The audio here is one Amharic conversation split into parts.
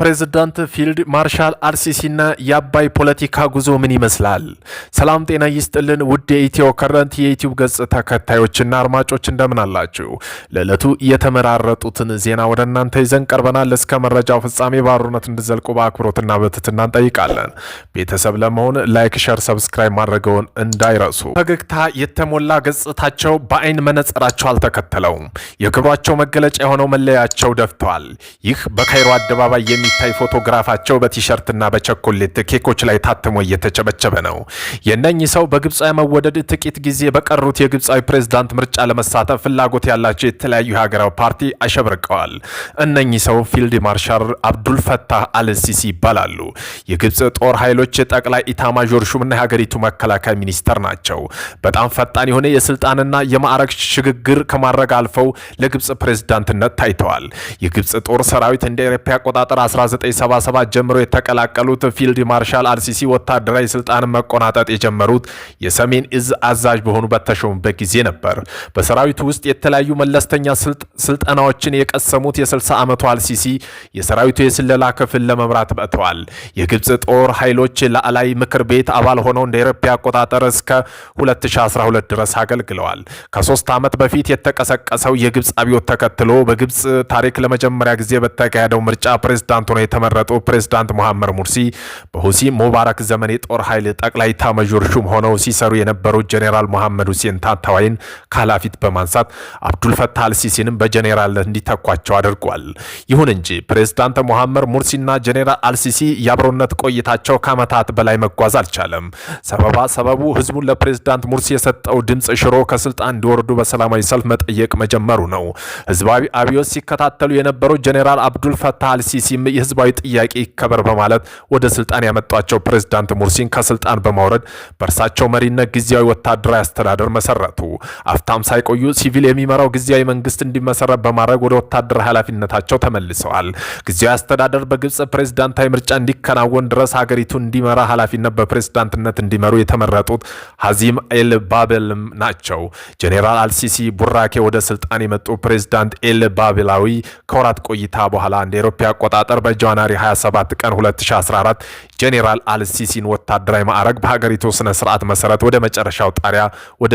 ፕሬዝዳንት ፊልድ ማርሻል አርሲሲና የአባይ ፖለቲካ ጉዞ ምን ይመስላል? ሰላም ጤና ይስጥልን ውድ የኢትዮ ከረንት የዩቲዩብ ገጽ ተከታዮችና አድማጮች እንደምን አላችሁ? ለዕለቱ የተመራረጡትን ዜና ወደ እናንተ ይዘን ቀርበናል። እስከ መረጃው ፍጻሜ ባሩነት እንድዘልቁ በአክብሮትና በትህትና እንጠይቃለን። ቤተሰብ ለመሆን ላይክ፣ ሸር፣ ሰብስክራይብ ማድረገውን እንዳይረሱ። ፈገግታ የተሞላ ገጽታቸው በአይን መነጽራቸው አልተከተለውም። የክብሯቸው መገለጫ የሆነው መለያቸው ደፍተዋል። ይህ በካይሮ አደባባይ የሚ የሚታይ ፎቶግራፋቸው በቲሸርትና በቸኮሌት ኬኮች ላይ ታትሞ እየተቸበቸበ ነው። የእነኚህ ሰው በግብፃዊ መወደድ ጥቂት ጊዜ በቀሩት የግብፃዊ ፕሬዝዳንት ምርጫ ለመሳተፍ ፍላጎት ያላቸው የተለያዩ የሀገራዊ ፓርቲ አሸብርቀዋል። እነኚህ ሰው ፊልድ ማርሻል አብዱልፈታህ አልሲሲ ይባላሉ። የግብፅ ጦር ኃይሎች ጠቅላይ ኢታማዦር ሹምና የሀገሪቱ መከላከያ ሚኒስተር ናቸው። በጣም ፈጣን የሆነ የስልጣንና የማዕረግ ሽግግር ከማድረግ አልፈው ለግብፅ ፕሬዝዳንትነት ታይተዋል። የግብፅ ጦር ሰራዊት እንደ ኤሮፓ አቆጣጠር ጀምሮ የተቀላቀሉት ፊልድ ማርሻል አርሲሲ ወታደራዊ ስልጣንን መቆናጠጥ የጀመሩት የሰሜን እዝ አዛዥ በሆኑ ተሾሙበት ጊዜ ነበር። በሰራዊቱ ውስጥ የተለያዩ መለስተኛ ስልጠናዎችን የቀሰሙት የ60 ዓመቱ አልሲሲ የሰራዊቱ የስለላ ክፍል ለመምራት በተዋል። የግብፅ ጦር ኃይሎች ላዕላይ ምክር ቤት አባል ሆነው እንደ አውሮፓ አቆጣጠር እስከ 2012 ድረስ አገልግለዋል። ከሶስት ዓመት በፊት የተቀሰቀሰው የግብፅ አብዮት ተከትሎ በግብፅ ታሪክ ለመጀመሪያ ጊዜ በተካሄደው ምርጫ ፕሬዝዳንት ፕሬዝዳንት ሆነው የተመረጡ ፕሬዝዳንት ሙሐመር ሙርሲ በሁሲ ሙባረክ ዘመን የጦር ኃይል ጠቅላይ ታመዦር ሹም ሆነው ሲሰሩ የነበሩ ጄኔራል መሐመድ ሁሴን ታታዋይን ካላፊት በማንሳት አብዱልፈታህ አልሲሲንም በጄኔራልነት እንዲተኳቸው አድርጓል። ይሁን እንጂ ፕሬዝዳንት ሙሐመር ሙርሲና ጄኔራል አልሲሲ የአብሮነት ቆይታቸው ከዓመታት በላይ መጓዝ አልቻለም። ሰበባ ሰበቡ ህዝቡን ለፕሬዝዳንት ሙርሲ የሰጠው ድምፅ ሽሮ ከስልጣን እንዲወርዱ በሰላማዊ ሰልፍ መጠየቅ መጀመሩ ነው። ህዝባዊ አብዮት ሲከታተሉ የነበሩ ጄኔራል አብዱልፈታህ አልሲሲም የህዝባዊ ጥያቄ ይከበር በማለት ወደ ስልጣን ያመጧቸው ፕሬዝዳንት ሙርሲን ከስልጣን በማውረድ በእርሳቸው መሪነት ጊዜያዊ ወታደራዊ አስተዳደር መሰረቱ። አፍታም ሳይቆዩ ሲቪል የሚመራው ጊዜያዊ መንግስት እንዲመሰረት በማድረግ ወደ ወታደራዊ ኃላፊነታቸው ተመልሰዋል። ጊዜያዊ አስተዳደር በግብፅ ፕሬዝዳንታዊ ምርጫ እንዲከናወን ድረስ ሀገሪቱ እንዲመራ ኃላፊነት በፕሬዝዳንትነት እንዲመሩ የተመረጡት ሀዚም ኤል ባብል ናቸው። ጄኔራል አልሲሲ ቡራኬ ወደ ስልጣን የመጡ ፕሬዚዳንት ኤል ባብላዊ ከወራት ቆይታ በኋላ እንደ አውሮፓ አቆጣጠር በጃንዋሪ 27 ቀን 2014 ጄኔራል አልሲሲን ወታደራዊ ማዕረግ በሀገሪቱ ስነ ስርዓት መሰረት ወደ መጨረሻው ጣሪያ ወደ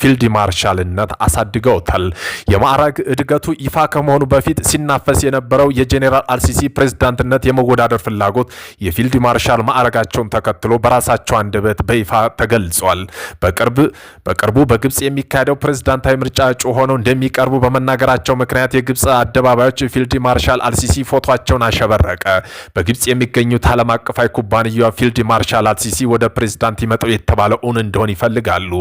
ፊልድ ማርሻልነት አሳድገውታል። የማዕረግ እድገቱ ይፋ ከመሆኑ በፊት ሲናፈስ የነበረው የጄኔራል አልሲሲ ፕሬዝዳንትነት የመወዳደር ፍላጎት የፊልድ ማርሻል ማዕረጋቸውን ተከትሎ በራሳቸው አንደበት በይፋ ተገልጿል። በቅርቡ በግብፅ የሚካሄደው ፕሬዝዳንታዊ ምርጫ እጩ ሆነው እንደሚቀርቡ በመናገራቸው ምክንያት የግብፅ አደባባዮች ፊልድ ማርሻል አልሲሲ ፎቶቸውን አሸበረቀ። በግብፅ የሚገኙት ዓለም አቀፋዊ ኩባንያ ፊልድ ማርሻል አልሲሲ ወደ ፕሬዚዳንት ይመጡ የተባለው እውን እንደሆን ይፈልጋሉ።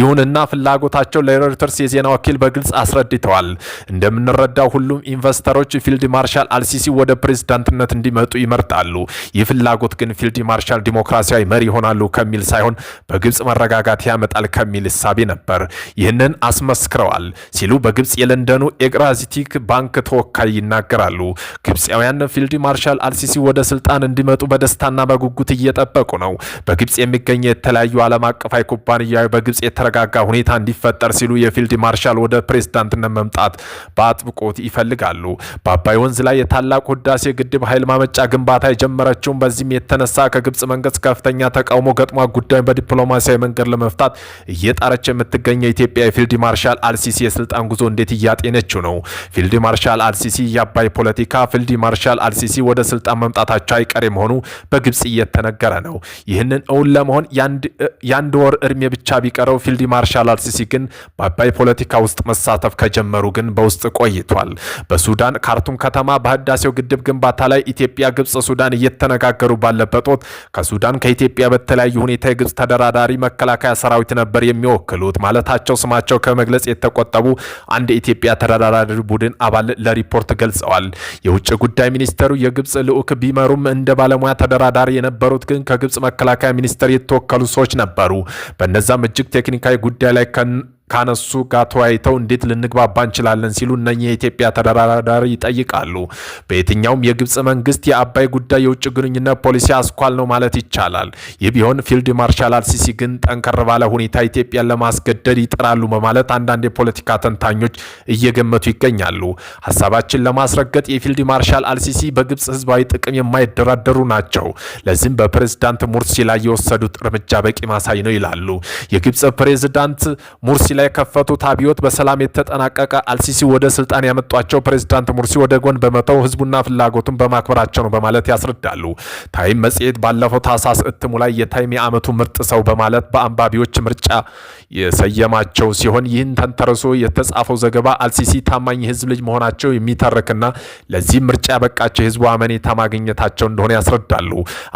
ይሁንና ፍላጎታቸው ለሮይተርስ የዜና ወኪል በግልጽ አስረድተዋል። እንደምንረዳው ሁሉም ኢንቨስተሮች ፊልድ ማርሻል አልሲሲ ወደ ፕሬዝዳንትነት እንዲመጡ ይመርጣሉ። ይህ ፍላጎት ግን ፊልድ ማርሻል ዲሞክራሲያዊ መሪ ይሆናሉ ከሚል ሳይሆን በግብፅ መረጋጋት ያመጣል ከሚል እሳቤ ነበር። ይህንን አስመስክረዋል ሲሉ በግብፅ የለንደኑ ኤግራዚቲክ ባንክ ተወካይ ይናገራሉ። ግብፃውያን ፊልድ ማርሻል አልሲሲ ወደ ስልጣን እንዲመጡ በደስታና በጉጉት እየጠበቁ ነው። በግብፅ የሚገኘ የተለያዩ ዓለም አቀፋዊ ኩባንያ በግብፅ የተረጋጋ ሁኔታ እንዲፈጠር ሲሉ የፊልድ ማርሻል ወደ ፕሬዝዳንትነት መምጣት በአጥብቆት ይፈልጋሉ። በአባይ ወንዝ ላይ የታላቁ ህዳሴ ግድብ ኃይል ማመጫ ግንባታ የጀመረችውን በዚህም የተነሳ ከግብፅ መንግስት ከፍተኛ ተቃውሞ ገጥሟ ጉዳዩን በዲፕሎማሲያዊ መንገድ ለመፍታት እየጣረች የምትገኘው ኢትዮጵያ የፊልድ ማርሻል አልሲሲ የስልጣን ጉዞ እንዴት እያጤነችው ነው? ፊልድ ማርሻል አልሲሲ የአባይ ፖለቲካ ፊልድ ማርሻል ጀማል አልሲሲ ወደ ስልጣን መምጣታቸው አይቀሬ መሆኑ በግብጽ እየተነገረ ነው። ይህንን እውን ለመሆን የአንድ ወር እድሜ ብቻ ቢቀረው ፊልድ ማርሻል አልሲሲ ግን በአባይ ፖለቲካ ውስጥ መሳተፍ ከጀመሩ ግን በውስጥ ቆይቷል። በሱዳን ካርቱም ከተማ በህዳሴው ግድብ ግንባታ ላይ ኢትዮጵያ፣ ግብጽ፣ ሱዳን እየተነጋገሩ ባለበት ወቅት ከሱዳን ከኢትዮጵያ በተለያዩ ሁኔታ የግብጽ ተደራዳሪ መከላከያ ሰራዊት ነበር የሚወክሉት ማለታቸው ስማቸው ከመግለጽ የተቆጠቡ አንድ የኢትዮጵያ ተደራዳሪ ቡድን አባል ለሪፖርት ገልጸዋል። የውጭ ጉዳይ ሚኒስ ሚኒስተሩ የግብፅ ልዑክ ቢመሩም እንደ ባለሙያ ተደራዳሪ የነበሩት ግን ከግብፅ መከላከያ ሚኒስተር የተወከሉ ሰዎች ነበሩ። በነዛም እጅግ ቴክኒካዊ ጉዳይ ላይ ካነሱ ጋር ተወያይተው እንዴት ልንግባባ እንችላለን ሲሉ እነኚህ የኢትዮጵያ ተደራዳሪ ይጠይቃሉ። በየትኛውም የግብፅ መንግስት የአባይ ጉዳይ የውጭ ግንኙነት ፖሊሲ አስኳል ነው ማለት ይቻላል። ይህ ቢሆን ፊልድ ማርሻል አልሲሲ ግን ጠንከር ባለ ሁኔታ ኢትዮጵያን ለማስገደድ ይጥራሉ በማለት አንዳንድ የፖለቲካ ተንታኞች እየገመቱ ይገኛሉ። ሀሳባችን ለማስረገጥ የፊልድ ማርሻል አልሲሲ በግብፅ ህዝባዊ ጥቅም የማይደራደሩ ናቸው። ለዚህም በፕሬዝዳንት ሙርሲ ላይ የወሰዱት እርምጃ በቂ ማሳይ ነው ይላሉ። የግብፅ ፕሬዝዳንት ሙርሲ ላይ የከፈቱት አብዮት በሰላም የተጠናቀቀ አልሲሲ ወደ ስልጣን ያመጧቸው ፕሬዚዳንት ሙርሲ ወደ ጎን በመተው ህዝቡና ፍላጎቱን በማክበራቸው ነው በማለት ያስረዳሉ። ታይም መጽሔት ባለፈው ታህሳስ እትሙ ላይ የታይም የዓመቱ ምርጥ ሰው በማለት በአንባቢዎች ምርጫ የሰየማቸው ሲሆን ይህን ተንተርሶ የተጻፈው ዘገባ አልሲሲ ታማኝ ህዝብ ልጅ መሆናቸው የሚተርክና ለዚህም ምርጫ ያበቃቸው የህዝቡ አመኔታ ማግኘታቸው እንደሆነ ያስረዳሉ።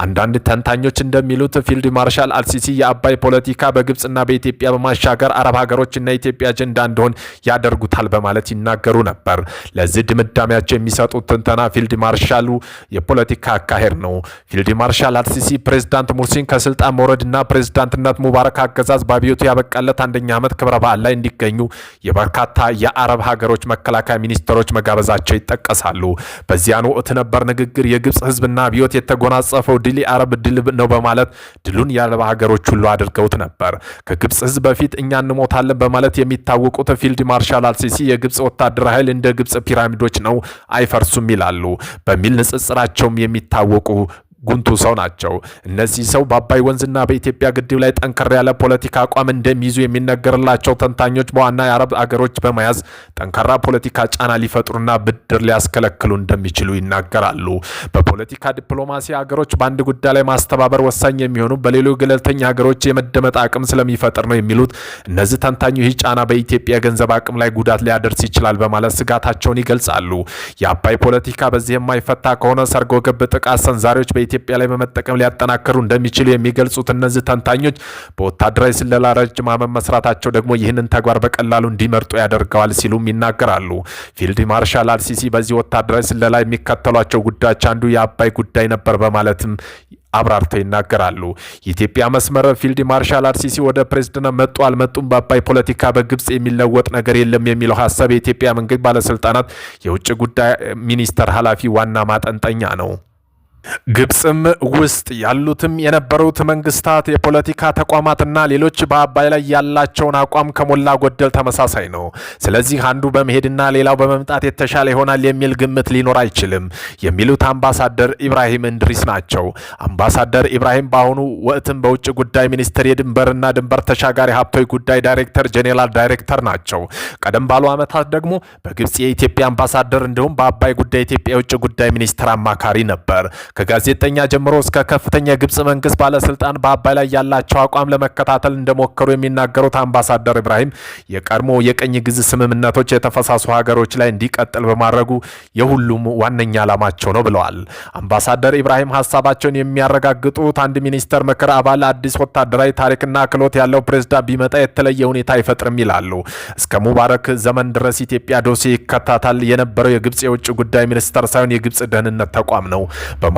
አንዳንድ ተንታኞች እንደሚሉት ፊልድ ማርሻል አልሲሲ የአባይ ፖለቲካ በግብፅና በኢትዮጵያ በማሻገር አረብ ሀገሮች ጉዳዮችና የኢትዮጵያ አጀንዳ እንደሆን ያደርጉታል በማለት ይናገሩ ነበር። ለዚህ ድምዳሜያቸው የሚሰጡት ትንተና ፊልድ ማርሻሉ የፖለቲካ አካሄድ ነው። ፊልድ ማርሻል አልሲሲ ፕሬዚዳንት ሙርሲን ከስልጣን መውረድና ፕሬዚዳንትነት ሙባረክ አገዛዝ በአብዮቱ ያበቃለት አንደኛ ዓመት ክብረ በዓል ላይ እንዲገኙ የበርካታ የአረብ ሀገሮች መከላከያ ሚኒስትሮች መጋበዛቸው ይጠቀሳሉ። በዚያን ወቅት ነበር ንግግር የግብፅ ህዝብና አብዮት የተጎናጸፈው ድል የአረብ ድል ነው በማለት ድሉን የአረብ ሀገሮች ሁሉ አድርገውት ነበር። ከግብፅ ህዝብ በፊት እኛ እንሞታለን በማለት የሚታወቁት ፊልድ ማርሻል አልሲሲ የግብፅ ወታደር ኃይል እንደ ግብፅ ፒራሚዶች ነው አይፈርሱም ይላሉ በሚል ንጽጽራቸውም የሚታወቁ ጉንቱ ሰው ናቸው። እነዚህ ሰው በአባይ ወንዝና በኢትዮጵያ ግድብ ላይ ጠንከር ያለ ፖለቲካ አቋም እንደሚይዙ የሚነገርላቸው ተንታኞች በዋና የአረብ አገሮች በመያዝ ጠንካራ ፖለቲካ ጫና ሊፈጥሩና ብድር ሊያስከለክሉ እንደሚችሉ ይናገራሉ። በፖለቲካ ዲፕሎማሲ አገሮች በአንድ ጉዳይ ላይ ማስተባበር ወሳኝ የሚሆኑ በሌሎች ገለልተኛ ሀገሮች የመደመጥ አቅም ስለሚፈጥር ነው የሚሉት እነዚህ ተንታኞች ይህ ጫና በኢትዮጵያ ገንዘብ አቅም ላይ ጉዳት ሊያደርስ ይችላል በማለት ስጋታቸውን ይገልጻሉ። የአባይ ፖለቲካ በዚህ የማይፈታ ከሆነ ሰርጎ ገብ ጥቃት ሰንዛሪዎች በኢትዮጵያ ላይ በመጠቀም ሊያጠናክሩ እንደሚችሉ የሚገልጹት እነዚህ ተንታኞች በወታደራዊ ስለላ ረጅም ዓመት መስራታቸው ደግሞ ይህንን ተግባር በቀላሉ እንዲመርጡ ያደርገዋል ሲሉም ይናገራሉ። ፊልድ ማርሻል አልሲሲ በዚህ ወታደራዊ ስለላ የሚከተሏቸው ጉዳዮች አንዱ የአባይ ጉዳይ ነበር በማለትም አብራርተው ይናገራሉ። የኢትዮጵያ መስመር ፊልድ ማርሻል አርሲሲ ወደ ፕሬዝዳንት መጡ አልመጡም በአባይ ፖለቲካ በግብጽ የሚለወጥ ነገር የለም የሚለው ሀሳብ የኢትዮጵያ መንግስት ባለስልጣናት የውጭ ጉዳይ ሚኒስቴር ኃላፊ ዋና ማጠንጠኛ ነው። ግብፅም ውስጥ ያሉትም የነበሩት መንግስታት የፖለቲካ ተቋማትና ሌሎች በአባይ ላይ ያላቸውን አቋም ከሞላ ጎደል ተመሳሳይ ነው። ስለዚህ አንዱ በመሄድና ሌላው በመምጣት የተሻለ ይሆናል የሚል ግምት ሊኖር አይችልም የሚሉት አምባሳደር ኢብራሂም እንድሪስ ናቸው። አምባሳደር ኢብራሂም በአሁኑ ወቅትም በውጭ ጉዳይ ሚኒስቴር የድንበርና ድንበር ተሻጋሪ ሀብታዊ ጉዳይ ዳይሬክተር ጄኔራል ዳይሬክተር ናቸው። ቀደም ባሉ ዓመታት ደግሞ በግብፅ የኢትዮጵያ አምባሳደር እንዲሁም በአባይ ጉዳይ ኢትዮጵያ የውጭ ጉዳይ ሚኒስትር አማካሪ ነበር። ከጋዜጠኛ ጀምሮ እስከ ከፍተኛ የግብፅ መንግስት ባለስልጣን በአባይ ላይ ያላቸው አቋም ለመከታተል እንደሞከሩ የሚናገሩት አምባሳደር ኢብራሂም የቀድሞ የቀኝ ግዝ ስምምነቶች የተፈሳሱ ሀገሮች ላይ እንዲቀጥል በማድረጉ የሁሉም ዋነኛ ዓላማቸው ነው ብለዋል። አምባሳደር ኢብራሂም ሀሳባቸውን የሚያረጋግጡት አንድ ሚኒስተር ምክር አባል አዲስ ወታደራዊ ታሪክና ክሎት ያለው ፕሬዝዳንት ቢመጣ የተለየ ሁኔታ አይፈጥርም ይላሉ። እስከ ሙባረክ ዘመን ድረስ ኢትዮጵያ ዶሴ ይከታታል የነበረው የግብፅ የውጭ ጉዳይ ሚኒስተር ሳይሆን የግብፅ ደህንነት ተቋም ነው።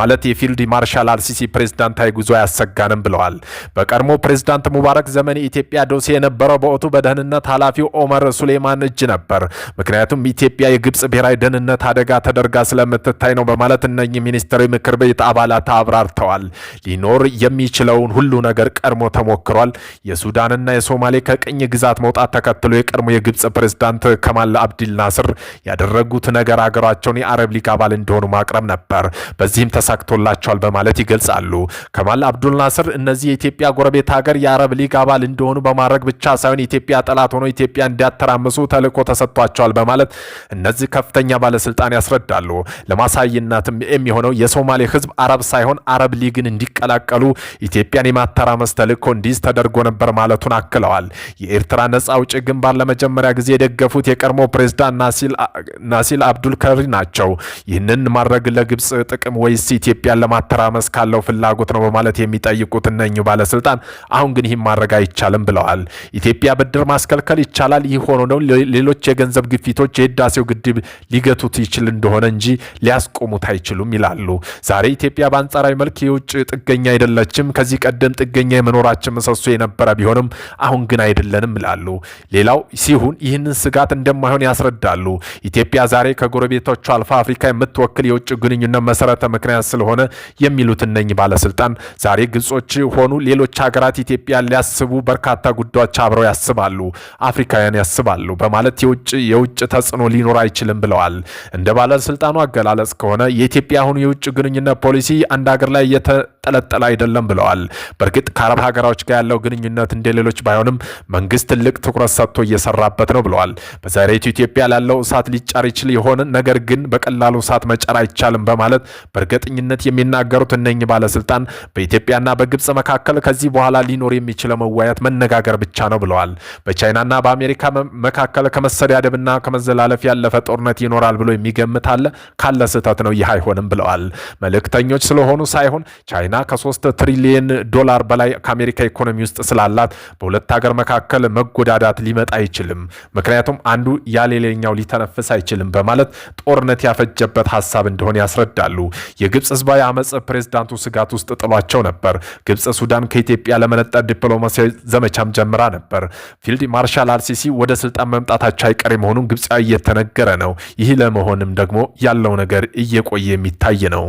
ማለት የፊልድ ማርሻል አልሲሲ ፕሬዝዳንታዊ ጉዞ አያሰጋንም ብለዋል። በቀድሞ ፕሬዝዳንት ሙባረክ ዘመን የኢትዮጵያ ዶሴ የነበረው በወቅቱ በደህንነት ኃላፊው ኦመር ሱሌማን እጅ ነበር። ምክንያቱም ኢትዮጵያ የግብፅ ብሔራዊ ደህንነት አደጋ ተደርጋ ስለምትታይ ነው በማለት እነኚህ ሚኒስትራዊ ምክር ቤት አባላት አብራርተዋል። ሊኖር የሚችለውን ሁሉ ነገር ቀድሞ ተሞክሯል። የሱዳንና የሶማሌ ከቅኝ ግዛት መውጣት ተከትሎ የቀድሞ የግብፅ ፕሬዝዳንት ከማል አብዲል ናስር ያደረጉት ነገር አገራቸውን የአረብ ሊግ አባል እንደሆኑ ማቅረብ ነበር። በዚህም ተሳ ተሳክቶላቸዋል በማለት ይገልጻሉ። ከማል አብዱል ናስር እነዚህ የኢትዮጵያ ጎረቤት ሀገር የአረብ ሊግ አባል እንደሆኑ በማድረግ ብቻ ሳይሆን የኢትዮጵያ ጠላት ሆኖ ኢትዮጵያ እንዲያተራምሱ ተልዕኮ ተሰጥቷቸዋል በማለት እነዚህ ከፍተኛ ባለስልጣን ያስረዳሉ። ለማሳይነትም የሚሆነው የሶማሌ ህዝብ አረብ ሳይሆን አረብ ሊግን እንዲቀላቀሉ ኢትዮጵያን የማተራመስ ተልዕኮ እንዲይዝ ተደርጎ ነበር ማለቱን አክለዋል። የኤርትራ ነጻ አውጪ ግንባር ለመጀመሪያ ጊዜ የደገፉት የቀድሞ ፕሬዝዳንት ናሲል አብዱል ከሪ ናቸው። ይህንን ማድረግ ለግብፅ ጥቅም ወይስ ኢትዮጵያን ለማተራመስ ካለው ፍላጎት ነው በማለት የሚጠይቁት እነኙ ባለስልጣን አሁን ግን ይህም ማድረግ አይቻልም ብለዋል። ኢትዮጵያ ብድር ማስከልከል ይቻላል። ይህ ሆኖ ነው ሌሎች የገንዘብ ግፊቶች የህዳሴው ግድብ ሊገቱት ይችል እንደሆነ እንጂ ሊያስቆሙት አይችሉም ይላሉ። ዛሬ ኢትዮጵያ በአንጻራዊ መልክ የውጭ ጥገኛ አይደለችም። ከዚህ ቀደም ጥገኛ የመኖራችን ምሰሶ የነበረ ቢሆንም አሁን ግን አይደለንም ይላሉ። ሌላው ሲሆን ይህንን ስጋት እንደማይሆን ያስረዳሉ። ኢትዮጵያ ዛሬ ከጎረቤቶቿ አልፋ አፍሪካ የምትወክል የውጭ ግንኙነት መሰረተ ምክንያት ስለሆነ የሚሉት እነኝ ባለስልጣን ዛሬ ግብጾች ሆኑ ሌሎች ሀገራት ኢትዮጵያን ሊያስቡ በርካታ ጉዳዮች አብረው ያስባሉ፣ አፍሪካውያን ያስባሉ በማለት የውጭ የውጭ ተጽዕኖ ሊኖር አይችልም ብለዋል። እንደ ባለስልጣኑ አገላለጽ ከሆነ የኢትዮጵያ አሁኑ የውጭ ግንኙነት ፖሊሲ አንድ ሀገር ላይ የሚንጠለጠል አይደለም ብለዋል። በእርግጥ ከአረብ ሀገራዎች ጋር ያለው ግንኙነት እንደሌሎች ባይሆንም መንግስት ትልቅ ትኩረት ሰጥቶ እየሰራበት ነው ብለዋል። በዛሬቱ ኢትዮጵያ ላለው እሳት ሊጫር ይችል የሆነ ነገር ግን በቀላሉ እሳት መጫር አይቻልም በማለት በእርግጠኝነት የሚናገሩት እነኝ ባለስልጣን በኢትዮጵያና በግብጽ መካከል ከዚህ በኋላ ሊኖር የሚችለው መዋያት መነጋገር ብቻ ነው ብለዋል። በቻይናና በአሜሪካ መካከል ከመሰዳደብና ከመዘላለፍ ያለፈ ጦርነት ይኖራል ብሎ የሚገምት አለ። ካለ ስህተት ነው። ይህ አይሆንም ብለዋል። መልእክተኞች ስለሆኑ ሳይሆን ቻይና ቻይና ከሶስት ትሪሊየን ዶላር በላይ ከአሜሪካ ኢኮኖሚ ውስጥ ስላላት በሁለት ሀገር መካከል መጎዳዳት ሊመጣ አይችልም። ምክንያቱም አንዱ ያሌለኛው ሊተነፍስ አይችልም በማለት ጦርነት ያፈጀበት ሀሳብ እንደሆነ ያስረዳሉ። የግብፅ ህዝባዊ አመፅ ፕሬዝዳንቱ ስጋት ውስጥ ጥሏቸው ነበር። ግብፅ ሱዳን ከኢትዮጵያ ለመነጠር ዲፕሎማሲያዊ ዘመቻም ጀምራ ነበር። ፊልድ ማርሻል አልሲሲ ወደ ስልጣን መምጣታቸው አይቀሬ መሆኑን ግብፃዊ እየተነገረ ነው። ይህ ለመሆንም ደግሞ ያለው ነገር እየቆየ የሚታይ ነው።